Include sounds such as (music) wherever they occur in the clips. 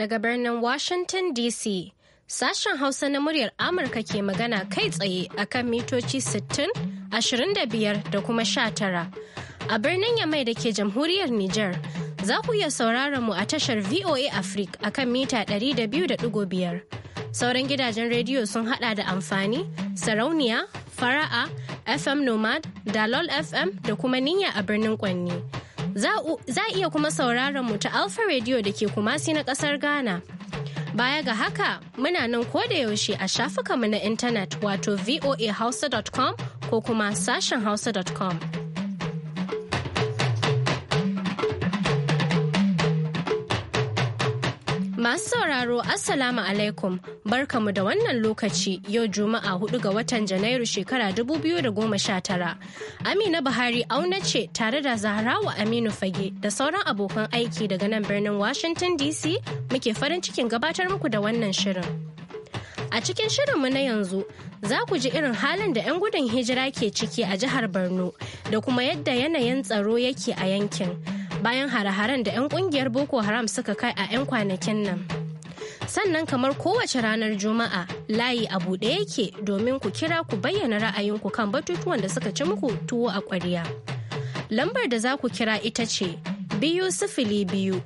daga birnin Washington DC. Sashen Hausa na muryar Amurka ke magana kai tsaye akan mitoci 60, 25 da kuma 19. A birnin Yamai da ke jamhuriyar Nijar, za ku iya sauraron mu a tashar VOA Africa akan mita 200.5. Sauran gidajen rediyo sun hada da amfani, sarauniya, fara'a, FM Nomad, Dalol FM da kuma niyya a birnin Kwanni. Za a iya kuma sauraron mu ta Alpha Radio da ke kumasi na kasar Ghana. Baya ga haka muna nan da yaushe a shafukanmu na intanet wato voahausa.com ko kuma sashen hausa.com. Masu sauraro Assalamu alaikum barkamu da wannan lokaci yau Juma'a 4 ga watan Janairu shekara 2019. Amina Buhari auna ce tare da Zahrawa Aminu Fage da sauran abokan aiki daga nan birnin Washington DC muke farin cikin gabatar muku da wannan shirin. A cikin shirinmu na yanzu za ku ji irin halin da 'yan gudun hijira ke ciki a jihar Borno da kuma yadda yanayin tsaro yake a yankin. bayan hare-haren da 'yan kungiyar boko haram suka kai a 'yan kwanakin nan sannan kamar kowace ranar juma'a layi a buɗe yake domin ku kira ku bayyana ra'ayinku kan batutuwan da suka ci muku tuwo a ƙwarya lambar da za ku kira ita ce biyu sifili biyu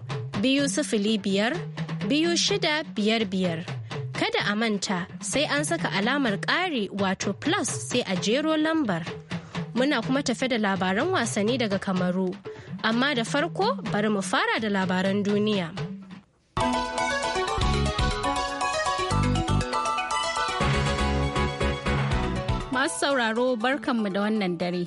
biyu sifili biyar biyu shida biyar biyar kada a manta sai an saka alamar ƙari wato plus sai a jero lambar muna kuma tafe da labaran wasanni daga kamaru amma da farko bari mu fara da labaran duniya masu sauraro barkanmu da wannan dare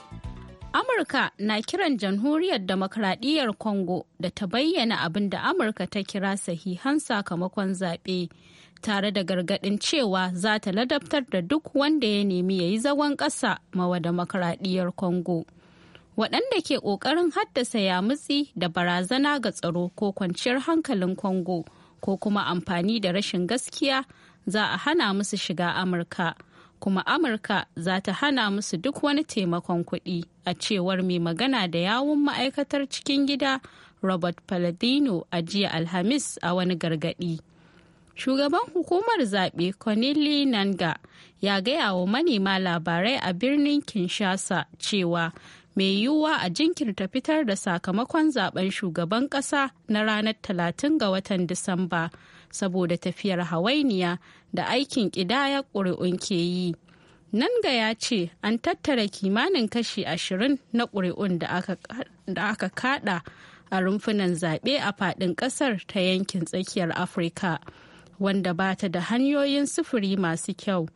amurka na kiran jamhuriyar demokradiyyar Kongo da ta bayyana abin da amurka ta kira sahihan sakamakon zaɓe tare da gargaɗin cewa za ta ladabtar da duk wanda ya nemi ya yi zagon ƙasa mawa demokaradiyyar Congo. Waɗanda ke ƙoƙarin haddasa yamutsi da barazana ga tsaro ko kwanciyar hankalin Congo ko kuma amfani da rashin gaskiya za a hana musu shiga Amurka. Kuma Amurka za ta hana musu duk wani taimakon kuɗi a cewar mai magana da yawun ma'aikatar cikin gida Robert Palladino a jiya Alhamis a wani gargaɗi. shugaban hukumar zaɓe corneli nanga ya gaya wa manema labarai a birnin kinshasa cewa mai yiwuwa a jinkirta fitar da sakamakon zaben shugaban ƙasa na ranar 30 ga watan disamba saboda tafiyar hawainiya da aikin ƙidaya ƙuri'un ke yi nanga ya ce an tattara kimanin kashi ashirin na ƙuri'un da aka kada a rumfunan zaɓe a faɗin ƙasar ta yankin tsakiyar afirka wanda ba ta da hanyoyin sufuri masu kyau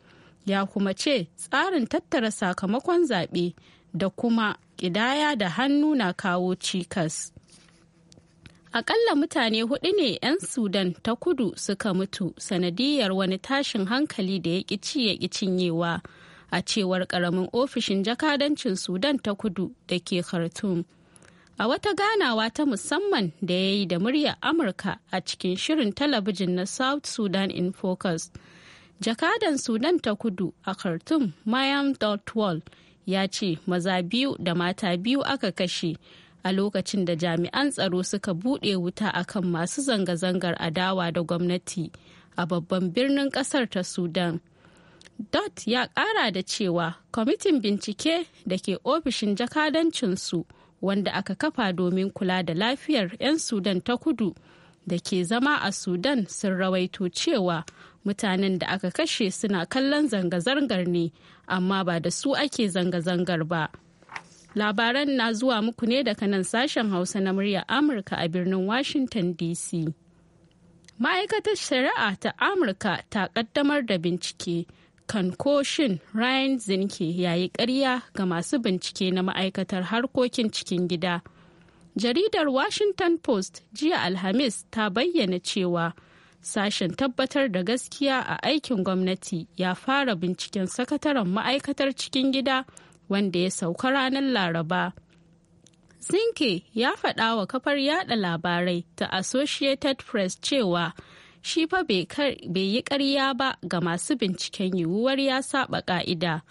ya kuma ce tsarin tattara sakamakon zaɓe da kuma ƙidaya da hannu na kawo cikas akalla mutane hudu ne 'yan sudan ta kudu suka mutu sanadiyar wani tashin hankali da ya ƙici ya cinyewa a cewar ƙaramin ofishin jakadancin sudan ta kudu da ke khartum. a wata ganawa ta musamman da ya yi da muryar amurka a cikin shirin talabijin na south sudan in focus jakadan sudan ta kudu a khartoum mayam wall ya ce maza biyu da mata biyu aka kashe a lokacin da jami'an tsaro suka buɗe wuta a kan masu zanga-zangar adawa da gwamnati a babban birnin ƙasar ta sudan dot ya ƙara da cewa kwamitin bincike da ke ofishin jakadancinsu su wanda aka kafa domin kula da lafiyar 'yan sudan ta kudu da ke zama a sudan sun rawaito cewa mutanen da aka kashe suna kallon zanga-zangar ne amma ba da su ake zanga-zangar ba labaran na zuwa muku ne daga nan sashen hausa na muryar amurka a birnin washington dc ma'aikatar shari'a ta amurka ta kaddamar da bincike kan ko shin Ryan Zinke ya yi ƙarya ga masu bincike na ma'aikatar harkokin cikin gida. Jaridar Washington Post jiya Alhamis ta bayyana cewa sashen tabbatar da gaskiya a aikin gwamnati ya fara binciken sakataren ma'aikatar cikin gida wanda ya sauka ranar Laraba. Zinke ya faɗa wa kafar yada labarai ta Associated Press cewa shi fa bai yi karya ba ga masu binciken yiwuwar ya saba ka'ida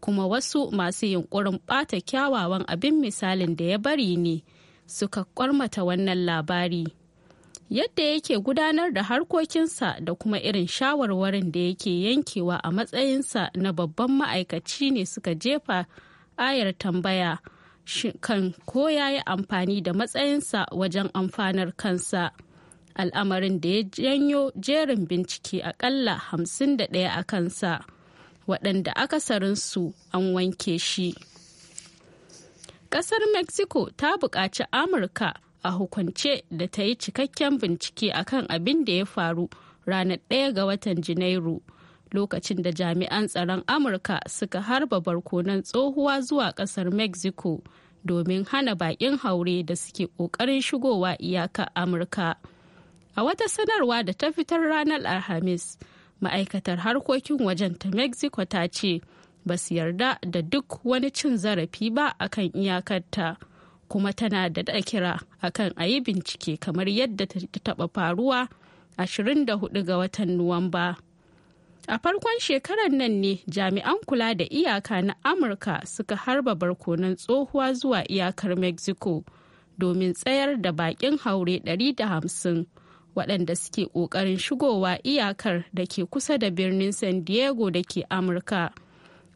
kuma wasu masu yunkurin ɓata kyawawan abin misalin da ya bari ne suka kwarmata wannan labari yadda yake gudanar da harkokinsa da kuma irin shawarwarin da yake yankewa a matsayinsa na babban ma'aikaci ne suka jefa ayar tambaya kan ko ya yi amfani da matsayinsa wajen amfanar kansa. al'amarin da ya janyo jerin bincike akalla 51 a kansa waɗanda akasarinsu an wanke shi ƙasar mexico ta buƙaci amurka a hukunce da ta yi cikakken bincike akan abin da ya faru ranar ɗaya ga watan janairu lokacin da jami'an tsaron amurka suka harba barkonan tsohuwa zuwa ƙasar mexico domin hana baƙin haure da suke ƙoƙarin shigowa iyaka amurka. a wata sanarwa da ta fitar ranar alhamis ma'aikatar harkokin wajen ta mexico ta ce ba su yarda da duk wani cin zarafi ba akan iyakarta kuma tana da kira akan a yi bincike kamar yadda ta taɓa faruwa 24 ga watan nuwamba a farkon shekarar nan ne jami'an kula da iyaka na amurka suka harba barkonon tsohuwa zuwa iyakar mexico domin tsayar da baƙin haure 150 waɗanda suke ƙoƙarin shigowa iyakar da ke kusa da birnin san diego da ke amurka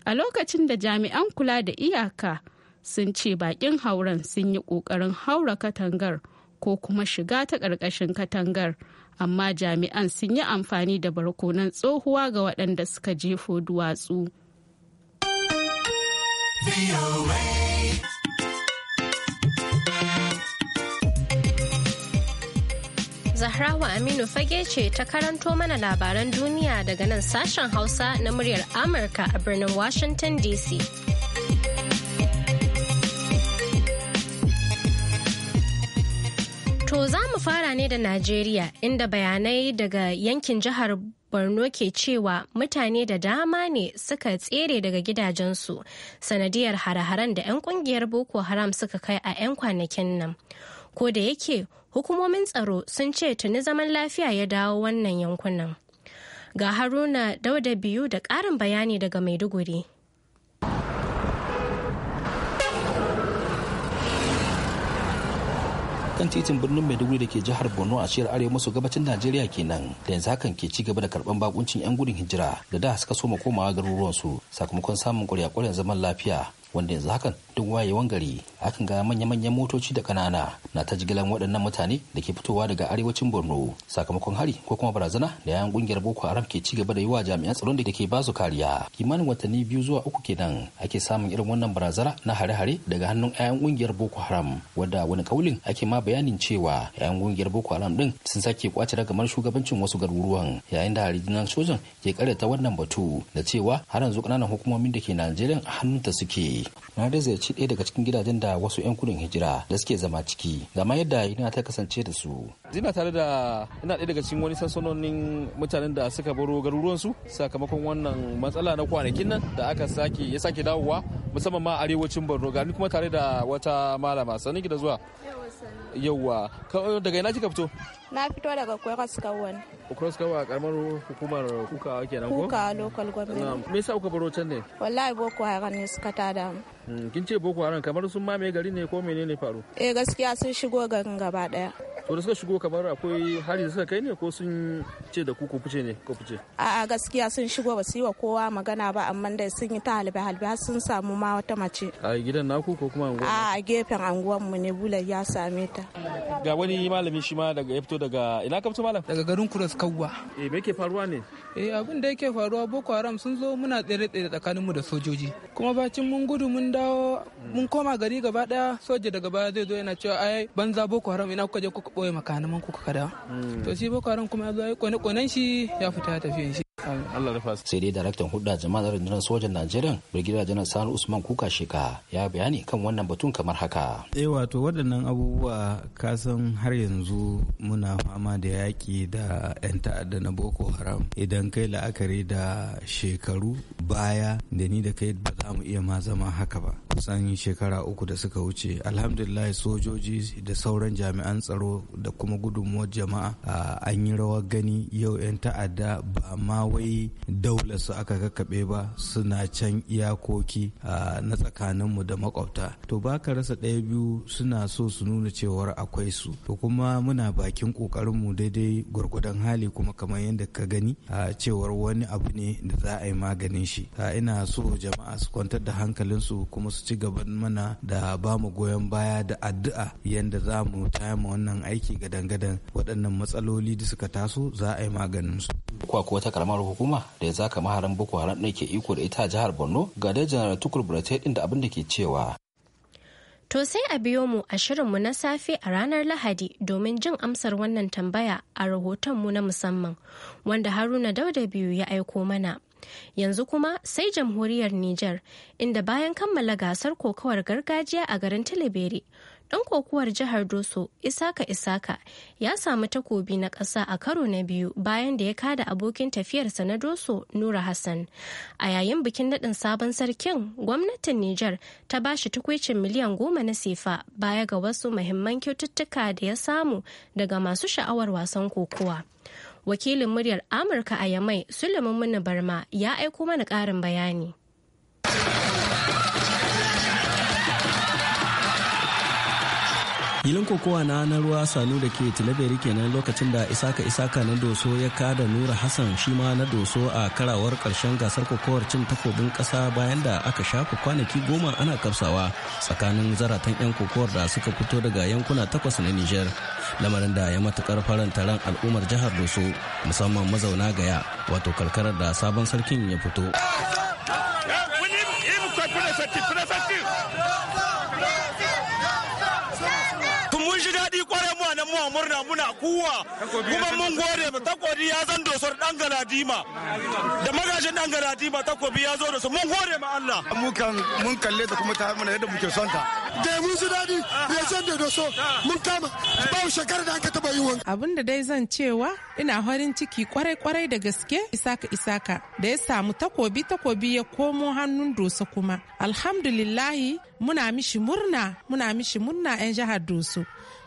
a lokacin da jami'an kula da iyaka sun ce baƙin hauren sun yi ƙoƙarin haura katangar ko kuma shiga ta ƙarƙashin katangar amma jami'an sun yi amfani da barkonan tsohuwa ga waɗanda suka jefo duwatsu. Zahrawa Aminu fage ce ta karanto mana labaran duniya daga nan sashen Hausa na muryar Amurka a birnin Washington DC. To za mu fara ne da Najeriya inda bayanai daga yankin jihar Borno ke cewa mutane da dama ne suka tsere daga gidajensu sanadiyar hare-haren da 'yan kungiyar Boko Haram suka kai a 'yan kwanakin nan. Ko da yake hukumomin tsaro sun ce tuni zaman lafiya ya dawo wannan yankunan ga haruna dauda biyu da ƙarin bayani daga maiduguri kan titin birnin maiduguri da ke jihar borno a shiyar arewa maso gabacin najeriya kenan da yanzu hakan ke cigaba da karban bakuncin yan gudun hijira da da suka soma komawa garuruwansu sakamakon samun kwarya zaman lafiya wanda yanzu hakan duk wayewan gari akan ga manya-manyan motoci da kanana na ta jigilan waɗannan mutane da ke fitowa daga arewacin borno sakamakon hari ko kuma barazana da yayan ƙungiyar boko haram ke ci gaba da yi wa jami'an tsaron da ke basu kariya kimanin watanni biyu zuwa uku kenan ake samun irin wannan barazana na hare-hare daga hannun yayan ƙungiyar boko haram wadda wani kaulin ake ma bayanin cewa yayan ƙungiyar boko haram din sun sake kwace ragamar shugabancin wasu garuruwan yayin da harijinan sojan ke karyata wannan batu da cewa har yanzu kananan hukumomin da ke najeriya a hannunta suke na ziyarci ɗaya daga cikin gidajen da wasu 'yan kudin hijira da suke zama ciki gama yadda ina ta kasance da su. Zina tare da ina ɗaya daga cikin wani sansanonin mutanen da suka baro garuruwansu sakamakon wannan matsala na kwanakin nan da aka sake ya sake dawowa musamman ma arewacin Borno ni kuma tare da wata malama sanin gida zuwa. yauwa daga ina kika fito na fito daga kwaras kawon kwaras kawon a karamar hukumar kukawa kenan ko kukawa local government me yasa kuka baro can ne wallahi boko haram ne suka tada mu hmm, kin ce boko haram kamar sun mamaye gari ne ko menene faru eh gaskiya sun shigo garin gaba daya to da suka shigo kamar akwai hari da suka kai ne ko sun ce da ku fice ne ko fice a'a gaskiya sun shigo ba su yi wa kowa magana ba amma dai sun yi ta halbe halbe har sun samu ma wata mace a gidan naku ko kuma anguwa a gefen anguwan mu ne bulan ya same ta ga wani malami shi ma daga ya fito daga ina ka fito malam daga garin kuras kawwa eh me yake faruwa ne eh abin da yake faruwa boko haram sun zo muna tsere tsere tsakanin mu da sojoji kuma bacin mun gudu mun dawo mun koma gari gaba daya soja daga baya zai zo yana cewa ai banza boko haram ina kuka je ɓoye makanaman kuka kada mm. to shi boko kuma ya zo ya kone konen shi ya fita tafiyan shi sai dai daraktan hudda jama'ar rundunar sojan najeriya brigadier janar sani usman kuka sheka ya bayani kan wannan batun kamar haka eh wato waɗannan abubuwa kasan har yanzu muna fama da yaƙi da 'yan ta'adda na boko haram idan kai la'akari da shekaru baya da ni da kai ba za mu iya ma zama haka ba kusan shekara uku da suka wuce alhamdulillah sojoji da sauran jami'an tsaro da kuma gudunmuwar jama'a an yi rawar gani yau 'yan ta'adda ba ma wai daular su aka kakkaɓe ba suna can iyakoki na tsakaninmu da makwabta to ba ka rasa ɗaya biyu suna so su nuna cewar akwai su to kuma muna bakin ƙoƙarinmu daidai gwargwadon hali kuma kamar yadda ka gani a cewar wani abu ne da za a yi maganin shi ina so jama'a su kwantar da hankalinsu kuma su ci gaban mana da bamu goyon baya da addu'a yadda za mu tayama wannan aiki gadan-gadan waɗannan matsaloli da suka taso za a yi maganin su. kuwa ko wata karamar hukuma da ya zaka maharan boko haram ne ke iko da ita jihar borno ga dai janar tukur buratai din da abin da ke cewa To sai a biyo mu a shirin mu na safe a ranar Lahadi domin jin amsar wannan tambaya a rahoton mu na musamman wanda Haruna Dauda biyu ya aiko mana. Yanzu kuma sai jamhuriyar Nijar inda bayan kammala gasar kokawar gargajiya a garin Tilibiri ɗan kokowar jihar doso isaka isaka ya samu takobi na ƙasa a karo na biyu bayan da ya kada abokin tafiyarsa na doso nura hassan a yayin bikin naɗin sabon sarkin gwamnatin nijar ta ba shi tukwicin miliyan goma na sefa baya ga wasu muhimman kyaututtuka da ya samu daga masu sha'awar wasan kokowa wakilin muryar amurka a yamai suleiman barma ya aiko mana ƙarin bayani Yilin kokowa na na ruwa sanu da ke tilaberi kenan lokacin da Isaka Isaka na doso ya kada Nura Hassan shi ma na doso a karawar karshen gasar kokowar cin takobin kasa bayan da aka shafa kwanaki goma ana kafsawa tsakanin zaratan 'yan kokowar da suka fito daga yankuna takwas na Nijar. Lamarin da ya matukar faranta ran al'ummar jihar Doso musamman mazauna gaya wato karkarar da sabon sarkin ya fito. murna muna kuwa kuma mun gode ma takobi ya zan dosar dan galadima da magajin dan galadima takobi ya zo da su mun gode ma Allah mu kan mun kalle ta kuma ta mana yadda muke son ta da mun su dadi ya san da doso ah. mun kama ba shekara da aka taba yi wanka abinda dai zan cewa ina farin ciki kwarai kwarai da gaske isaka isaka da ya samu takobi takobi ya komo hannun doso kuma alhamdulillah muna mishi murna muna mishi murna 'yan jihar doso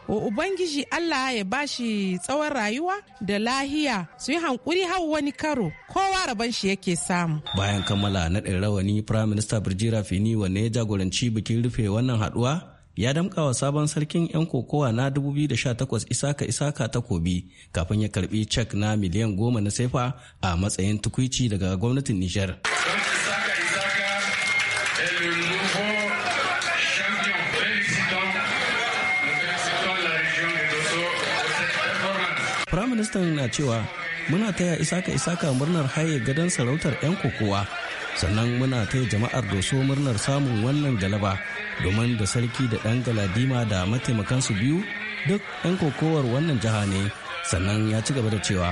ubangiji allah ya ba shi tsawon rayuwa da lahiya su yi hankuri hau wani karo kowa rabon shi yake samu bayan kammala naɗin rawani prime minister birjira fini wanne ya jagoranci bikin rufe wannan haɗuwa ya damƙa wa sabon sarkin 'yan kokowa na 2018 isaka isaka takobi kafin ya karbi cek na miliyan goma na sefa a matsayin tukwici daga gwamnatin nijar firaministan na cewa muna taya isaka isaka murnar haye gadon sarautar 'yan kokowa sannan muna taya jama'ar doso murnar samun wannan galaba domin da sarki da ɗan galadima da mataimakansu biyu duk 'yan kokowar wannan jiha ne sannan ya ci gaba da cewa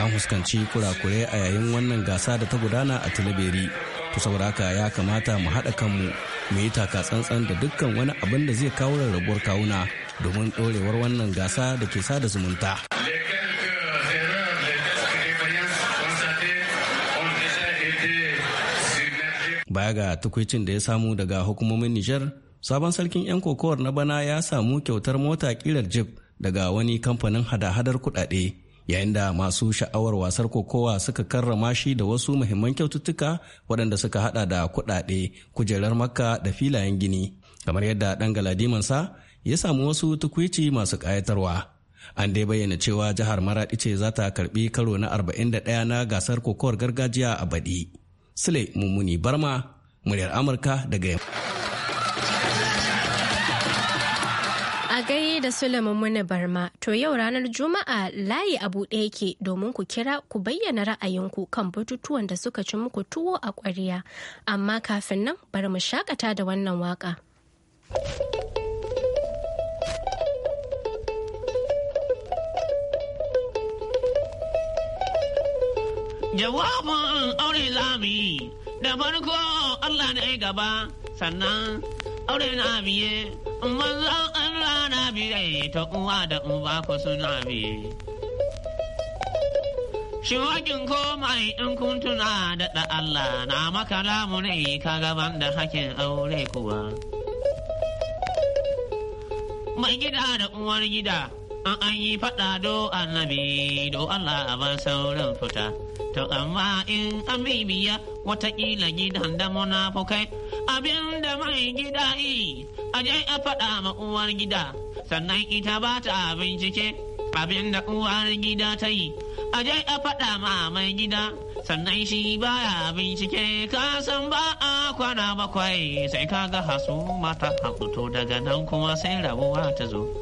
an huskanci kurakure a yayin wannan gasa da ta gudana a tilabiri to saboda haka ya kamata mu haɗa kanmu mu yi taka tsantsan da dukkan wani abin da zai kawo rarrabuwar kawuna domin ɗorewar wannan gasa da ke sada zumunta. Baya ga tukwicin da ya samu daga hukumomin Nijar, sabon sarkin 'yan kokowar na bana ya samu kyautar mota kirar jib daga wani kamfanin hada-hadar kudade, yayin da masu sha'awar wasar kokowa suka karrama shi da wasu muhimman kyaututtuka waɗanda suka hada da kudade, kujerar makka da filayen gini kamar yadda ɗan galadimansa ya samu wasu tukwici masu ƙayatarwa. An dai bayyana cewa jihar Maraɗi ce za ta karɓi karo na 41 na gasar kokowar gargajiya a baɗi. Sule Mummuni Barma, muryar Amurka daga yamma. A gai da Sule Mummuni Barma, to yau ranar Juma'a layi a buɗe yake domin ku kira ku bayyana ra'ayinku kan batutuwan da suka ci muku tuwo a ƙwariya. Amma kafin nan bari mu shakata da wannan waka. Jawabin aure lami da farko Allah ne gaba sannan aure na biye manzan an rana biye ta uwa da uba ku suna biye. Shiwakin komai in kun tuna daɗa Allah na maka lamu ne ka gaban da hakin aure kuwa. Mai gida da uwar gida an an yi faɗa do annabi do Allah a ban sauran fita. To amma in an bibiya watakila gidan da munafukai abin da mai gida yi aje a faɗa ma uwar gida sannan ita ba ta bincike abin da uwar gida ta yi aje a faɗa ma mai gida sannan shi baya bincike ka san ba a kwana bakwai sai kaga hasu mata hakuto daga nan kuma sai rabuwa ta zo.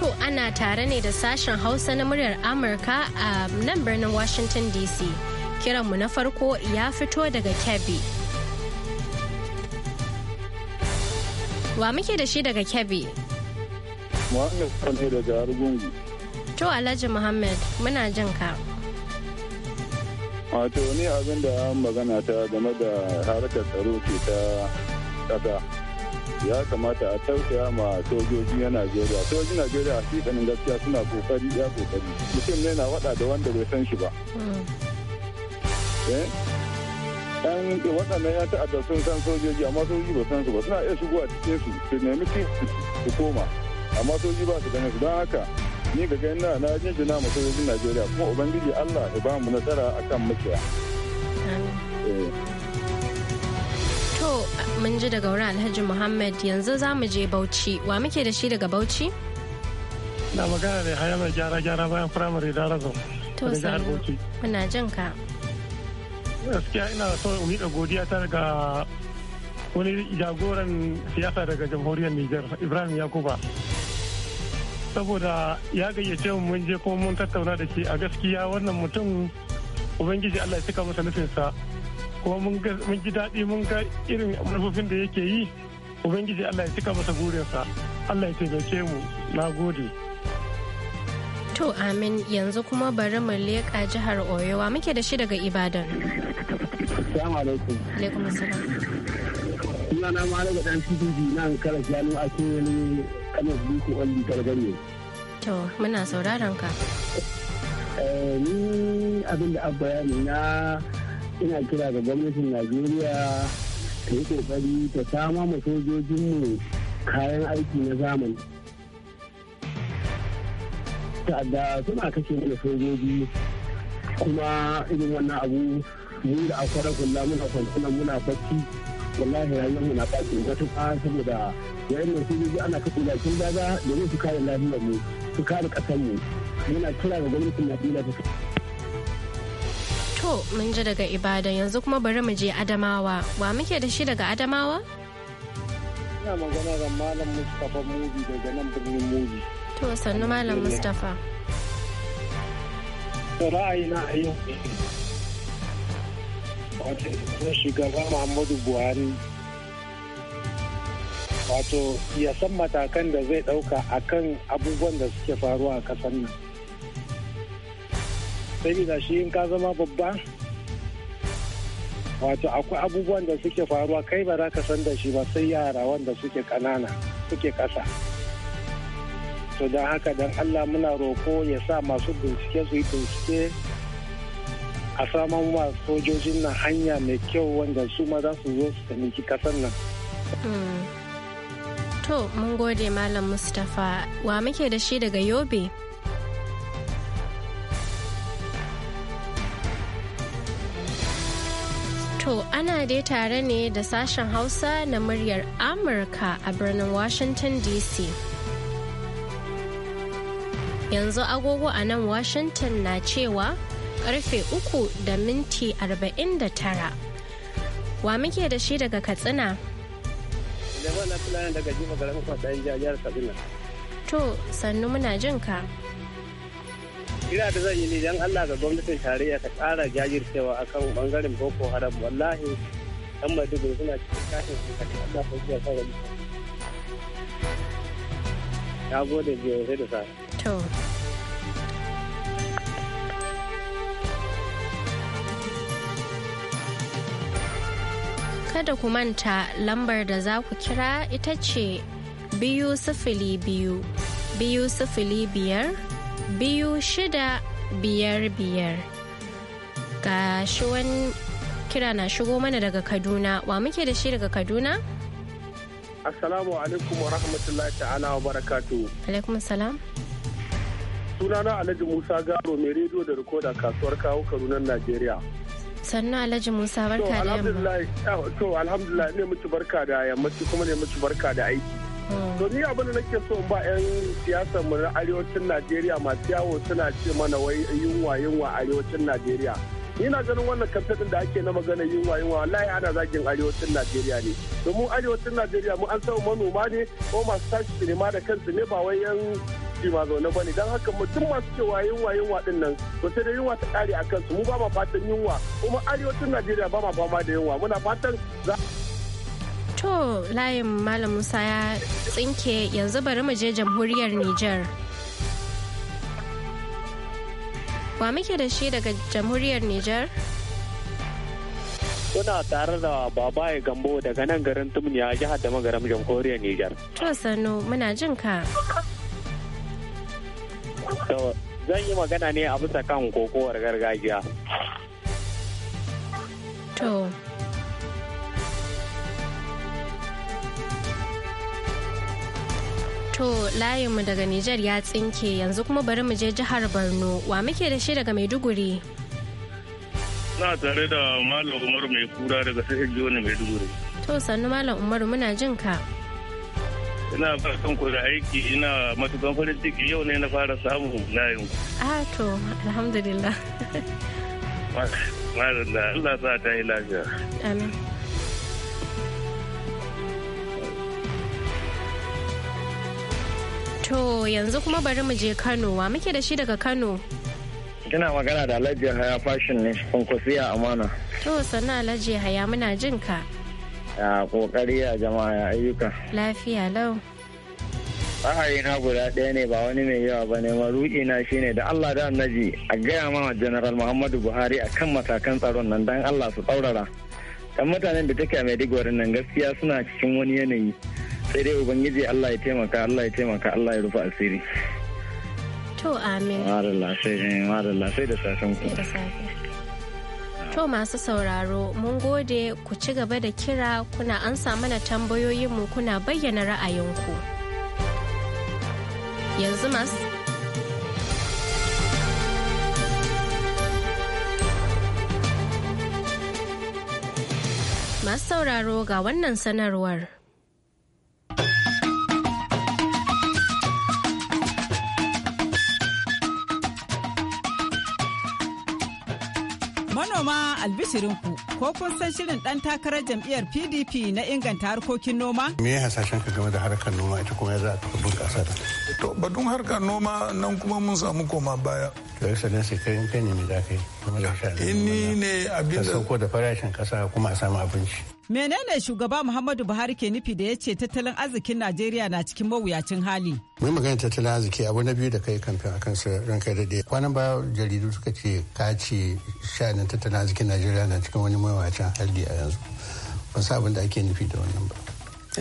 To ana tare ne da sashen Hausa na muryar Amurka a nan birnin Washington DC. Kiranmu na farko ya fito daga Kebbi. Wa muke da shi daga Kebbi? Muhammad ne daga Argungu. To Alhaji Muhammad muna jin ka. Wato ni abin da magana ta game da harkar tsaro ke ta ƙasa. ya kamata a tausaya ma sojoji na najeriya sojojin najeriya a sikanin gaskiya suna kokari ya kokari mutum ne na wada da wanda bai san shi ba Ɗan hmm. eh? waɗannan ya ta'adda sun san sojoji amma sojoji ba san su ba suna iya shigowa cikin su su nemi su koma amma sojoji ba su gane su don haka ni ga gani na na jinjina ma sojojin najeriya kuma ubangiji allah ya ba mu nasara akan mukiya. mun ji daga wurin Alhaji Muhammad yanzu za mu je Bauchi. Wa muke da shi daga Bauchi? Na magana da haya mai gyara gyara bayan firamare da razo. To sai muna jin ka. Gaskiya ina so in miƙa godiya ta daga wani jagoran siyasa daga jamhuriyar Nijar Ibrahim Yakuba. Saboda ya gayyace mu mun je kuma mun tattauna da shi a gaskiya wannan mutum Ubangiji Allah ya cika masa nufinsa kuma mun ji daɗi mun ga irin manufofin da yake yi ubangiji allah ya cika masa burinsa allah ya taimake mu na gode to amin yanzu kuma bari mu leƙa jihar oyowa muke da shi daga ibadan salamu alaikum alaikum assalam sunana ma daga dan na nan kala shanu a kewaye kanar buku wani kalganye to muna sauraron ka eh, ni abin da abba na ina kira ga gwamnatin najeriya ta yi kokari ta sama ma sojojinmu kayan aiki na zamani ta'adda suna kashe mana sojoji kuma irin wannan abu mu da akwara kula muna kwantuna muna bacci wallahi rayuwar mu na baki matuƙa saboda yayin da sojoji ana kashe kin daga domin su kare lafiyar mu su kare ƙasar mu muna kira ga gwamnatin najeriya ta mun ji daga Ibadan yanzu kuma bari mu je Adamawa. Wa muke da shi daga Adamawa? Ina magana da Malam Mustapha mudi daga nan birnin mudi To sannu Malam Mustapha. To na a yau wato shugaba Muhammadu Buhari wato ya san matakan da zai ɗauka akan abubuwan da suke faruwa a kasar nan. saboda shi in ka zama babba wato akwai abubuwan da suke faruwa kai ba za ka san da shi ba sai yara wanda suke kanana suke kasa to don haka don allah muna roko ya sa masu bincike su yi bincike a saman wa sojojin na hanya mai kyau wanda su ma za su zo su taimaki kasan nan hmm. to mun gode malam mustapha wa muke da shi daga yobe To ana dai tare ne da sashen Hausa na muryar Amurka a birnin Washington DC. Yanzu agogo a nan Washington na cewa karfe uku da minti 49. Wa muke da shi daga Katsina? Jama'a na daga jifa garin kwaɗayin jajiyar Katsina. To, sannu muna jin ka. ina da zan yi ne don Allah ga gwamnatin tarayya ta ƙara jajircewa a kan bangaren Boko Haram wallahi ɗan Maiduguri suna cikin kashin hankali Allah ta jiya kan rabi. Na gode biyu sai da sa. Kada ku manta lambar da za ku kira ita ce biyu sifili biyu biyu sifili biyar biyu shida biyar biyar ga shiwon kira na shigo mana daga kaduna wa muke da shi daga kaduna assalamu alaikum wa rahmatullahi ta'ala wa barakatu alaikum salam sunana alhaji musa garo mai rediyo da rikoda kasuwar kawo karunan najeriya Sannu alhaji musa barka da yamma eh, to alhamdulillah ne mutu barka da yammaci kuma ne mutu barka da aiki to ni abin da nake so ba 'yan siyasar mu na arewacin najeriya masu yawo suna ce mana wai yunwa yunwa arewacin najeriya na ganin wannan kamfanin da ake na magana yunwa yunwa wallahi ana zagin arewacin najeriya ne domin arewacin najeriya mu an samu manoma ne ko masu tashi sinima da kansu ne ba wai yan jima zaune ba ne don haka mutum masu cewa yunwa yunwa din nan to sai da yunwa ta kare a kansu mu ba ma fatan yunwa kuma arewacin najeriya ba ma fama da yunwa muna fatan za To layin Malam Musa ya tsinke yanzu bari mu je jamhuriyar Nijar. Wa muke da shi daga jamhuriyar Nijar? Kuna tare da ya gambo daga nan garin Tumniya jihar da magaram jamhuriyar Nijar. To Sano muna jin ka. Zan yi magana ne a bisa kan kokowar gargajiya. To. To layinmu daga Nijar ya tsinke yanzu kuma bari mu je jihar Borno wa muke da shi daga Maiduguri. Na tare da Malam Umaru mai kura daga sashen Joni Maiduguri. To sannu Malam Umaru muna jin ka. Ina ba kan ku da aiki ina matukan farin ciki yau ne na fara samu layin. Ah to alhamdulillah. (laughs) Malam da Allah sa ta yi lafiya. Amin. To yanzu kuma bari mu je Kano wa muke da shi daga Kano. Kina magana da Alhaji Haya fashin ne, kunkusiya amana. To sannan Alhaji Haya muna jin ka. Ya kokari ya jama'a ya ayyuka. Lafiya lau. ra'ayi na guda ɗaya ne ba wani mai yawa ba ne maru'i na shine da Allah da annaji a gaya mana general Muhammadu Buhari a kan matakan tsaron nan dan Allah su tsaurara. Kan mutanen da take mai digorin nan gaskiya suna cikin wani yanayi. sai dai ubangiji Allah ya taimaka Allah ya taimaka Allah ya rufa asiri to amin madalla sai da safen ku To masu sauraro mun gode ku ci gaba da kira kuna ansa mana mu kuna bayyana ra'ayinku. Yanzu masu Masu sauraro ga wannan sanarwar. kuma ma albishirinku ko kun san shirin ɗan takarar jam'iyyar PDP na inganta harkokin noma? Me ya hasashen ka game da harkar noma ita kuma ya za a bunƙasa ta? To batun harkar noma nan kuma mun samu koma baya. To yasa kai in kai ne me za ka yi? ni ne abin da. Ka sauko da farashin kasa kuma a samu abinci. Menene shugaba Muhammadu Buhari ke nufi da ya ce tattalin arzikin Najeriya na cikin mawuyacin hali? Mai magana tattalin arziki abu na biyu da kai kamfen akan su ranka da daya. Kwanan baya jaridu suka ce ka ce sha'anin tattalin arzikin Najeriya na cikin wani mawuyacin hali a yanzu. ba sa abin da ake nufi da wannan ba.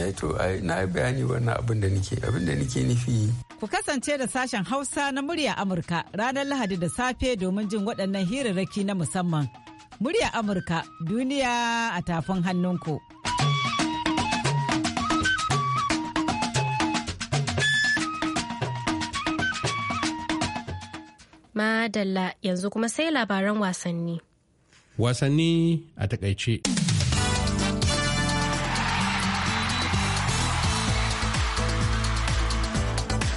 Eh to na bayani wannan abin da nake abin da nake nufi. Ku kasance da sashen Hausa na murya Amurka ranar Lahadi da safe domin jin waɗannan hirarraki na musamman. Murya Amurka duniya a tafin hannunku. Madalla yanzu kuma sai labaran wasanni. Wasanni a takaice.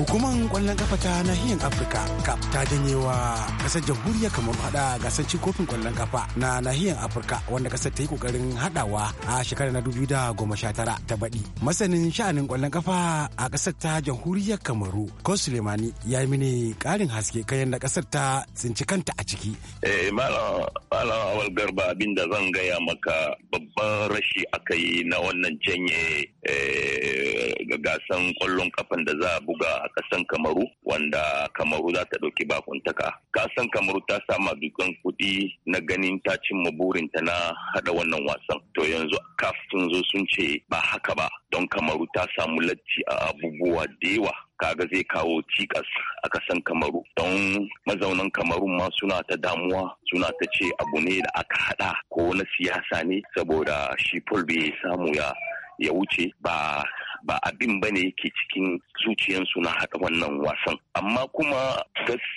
hukumar kwallon kafa ta nahiyar afirka kaf ta janyewa kasar jamhuriyar kamar hada gasar cin kofin kwallon kafa na nahiyar afirka wanda kasar ta yi kokarin hadawa a shekarar na dubu da goma sha tara ta baɗi masanin sha'anin kwallon kafa a kasar ta jamhuriyar kamaru ko sulemani ya yi mini karin haske kayan da kasar ta tsinci kanta a ciki. Eh, malam awal garba abin da zan gaya maka babban rashi aka yi na wannan janye eh, gasan kwallon kafan da za a buga a kasan kamaru wanda kamaru za ta ɗauki bakuntaka kasan kamaru ta sama dukkan kuɗi na ganin ta cimma burinta na haɗa wannan wasan to yanzu kafin zo sun ce ba haka ba don kamaru ta samu latti a abubuwa da yawa kaga zai kawo cikas a kasan kamaru don mazaunan kamaru ma suna ta damuwa suna ta ce abu ne da aka hada ko na siyasa ne saboda shi bai samu ya ya wuce ba ba abin ba ne yake cikin zuciyarsu na haɗa wannan wasan amma kuma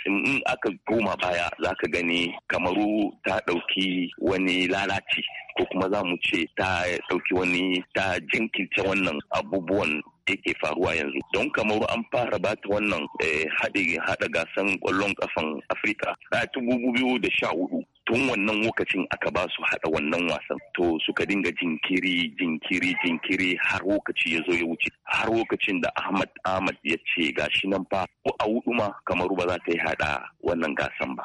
in aka goma baya za ka gani kamaru ta ɗauki wani lalaci ko kuma za mu ce ta ɗauki wani ta jinkirce wannan abubuwan yake faruwa yanzu don kamaru an fara ba ta wannan eh, haɗa gasan ƙwallon ƙafan afirka ta dubu tun wannan lokacin aka ba su haɗa wannan wasan to suka dinga jinkiri jinkiri jinkiri har lokaci ya zo ya wuce har lokacin da ahmad ahmad ya ce gashi nan fa ko a hudu ma kamaru ba za ta yi haɗa wannan gasan ba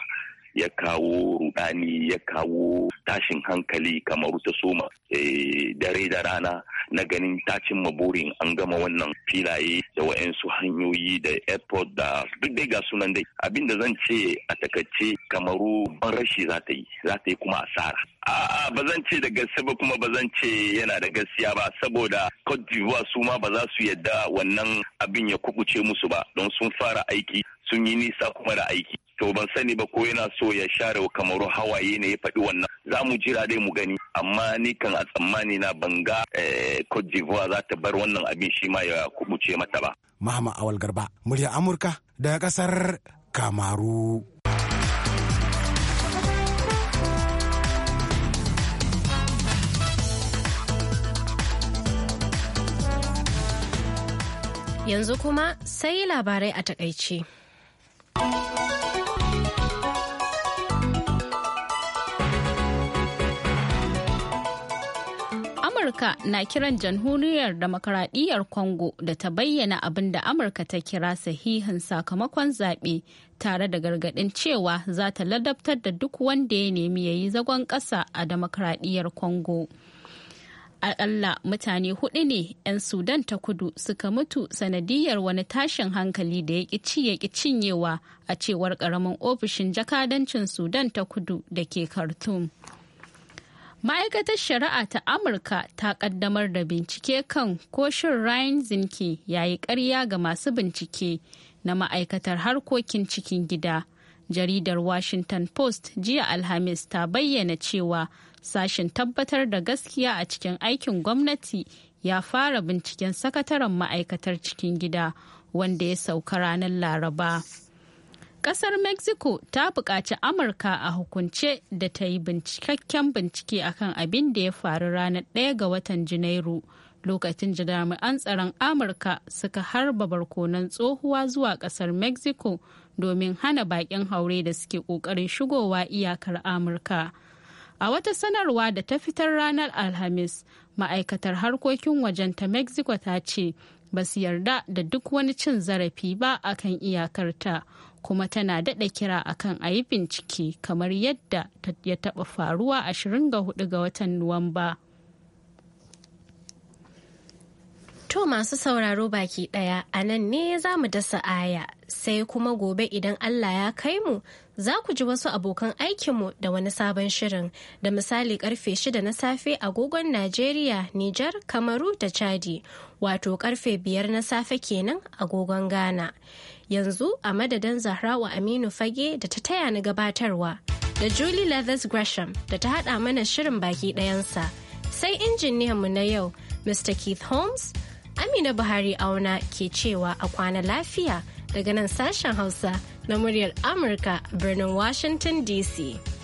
ya kawo rudani ya kawo tashin hankali kamar ta soma eh, dare da rana na ganin tacin maburin an gama wannan filaye da wa'yansu hanyoyi da airport da duk dai ga sunan dai abinda zan ce a takaice kamaru ban rashi za ta yi za ta yi kuma asara A'a ba zan ce da gaske ba kuma ba zan ce yana da gaskiya ba saboda Cote d'Ivoire su ma ba za su yadda wannan abin ya kubuce musu ba don sun fara aiki sun yi nisa kuma da aiki to ban sani ba ko yana so ya share kamaru hawaye ne ya faɗi wannan za mu jira dai mu gani amma ni kan a tsammani na banga eh, Cote d'Ivoire za ta bar wannan abin shi ma ya kubuce mata ba. Mahama Awal Garba, murya Amurka daga kasar Kamaru. Yanzu kuma sai labarai a takaice. Amurka na kiran jamhuriyar demokaradiyyar Congo da ta bayyana abin da Amurka ta kira sahihin sakamakon zaɓe tare da gargaɗin cewa za ta ladabtar da duk wanda ya nemi ya yi zagon ƙasa a demokaradiyyar Congo. Aƙalla mutane hudu ne 'yan Sudan ta kudu suka mutu sanadiyar wani tashin hankali da ya ƙici cinyewa a cewar ƙaramin ofishin jakadancin Sudan ta kudu da ke Khartoum. ma'aikatar shari'a ta amurka ta kaddamar da bincike kan koshin ryan zinke ya yi karya ga masu bincike na ma'aikatar harkokin cikin gida jaridar washington post jiya alhamis ta bayyana cewa sashen tabbatar da gaskiya a cikin aikin gwamnati ya fara binciken sakataren ma'aikatar cikin gida wanda ya sauka ranar laraba. Kasar Mexico ta buƙaci Amurka a hukunce da ta yi bincikakken bincike akan abin da ya faru ranar 1 ga watan Janairu lokacin da jami'an tsaron Amurka suka harba barkonan tsohuwa zuwa kasar Mexico domin hana baƙin haure da suke ƙoƙarin shigowa iyakar Amurka. A wata sanarwa da ta fitar ranar Alhamis, ma'aikatar harkokin wajen ta Mexico ta ce ba su yarda da duk wani cin zarafi ba akan iyakarta kuma tana daɗa kira akan a yi bincike kamar yadda ya taɓa faruwa 24 ga watan Nuwamba. To masu sauraro baki ɗaya a nan ne za mu dasa aya sai kuma gobe idan Allah ya kai mu za ku ji wasu abokan aikinmu da wani sabon shirin da misali karfe 6 na safe agogon Najeriya, Nijar, Kamaru da Chadi wato karfe biyar na safe kenan agogon Ghana. Yanzu a madadin Zahrawa Aminu Fage da ta taya ni gabatarwa da Julie Leathers Gresham da ta hada mana shirin baki ɗayansa. Sai injiniyanmu na yau, Mr. Keith Holmes, Amina Buhari auna ke cewa a kwana lafiya daga nan sashen Hausa na muryar Amurka birnin Washington DC.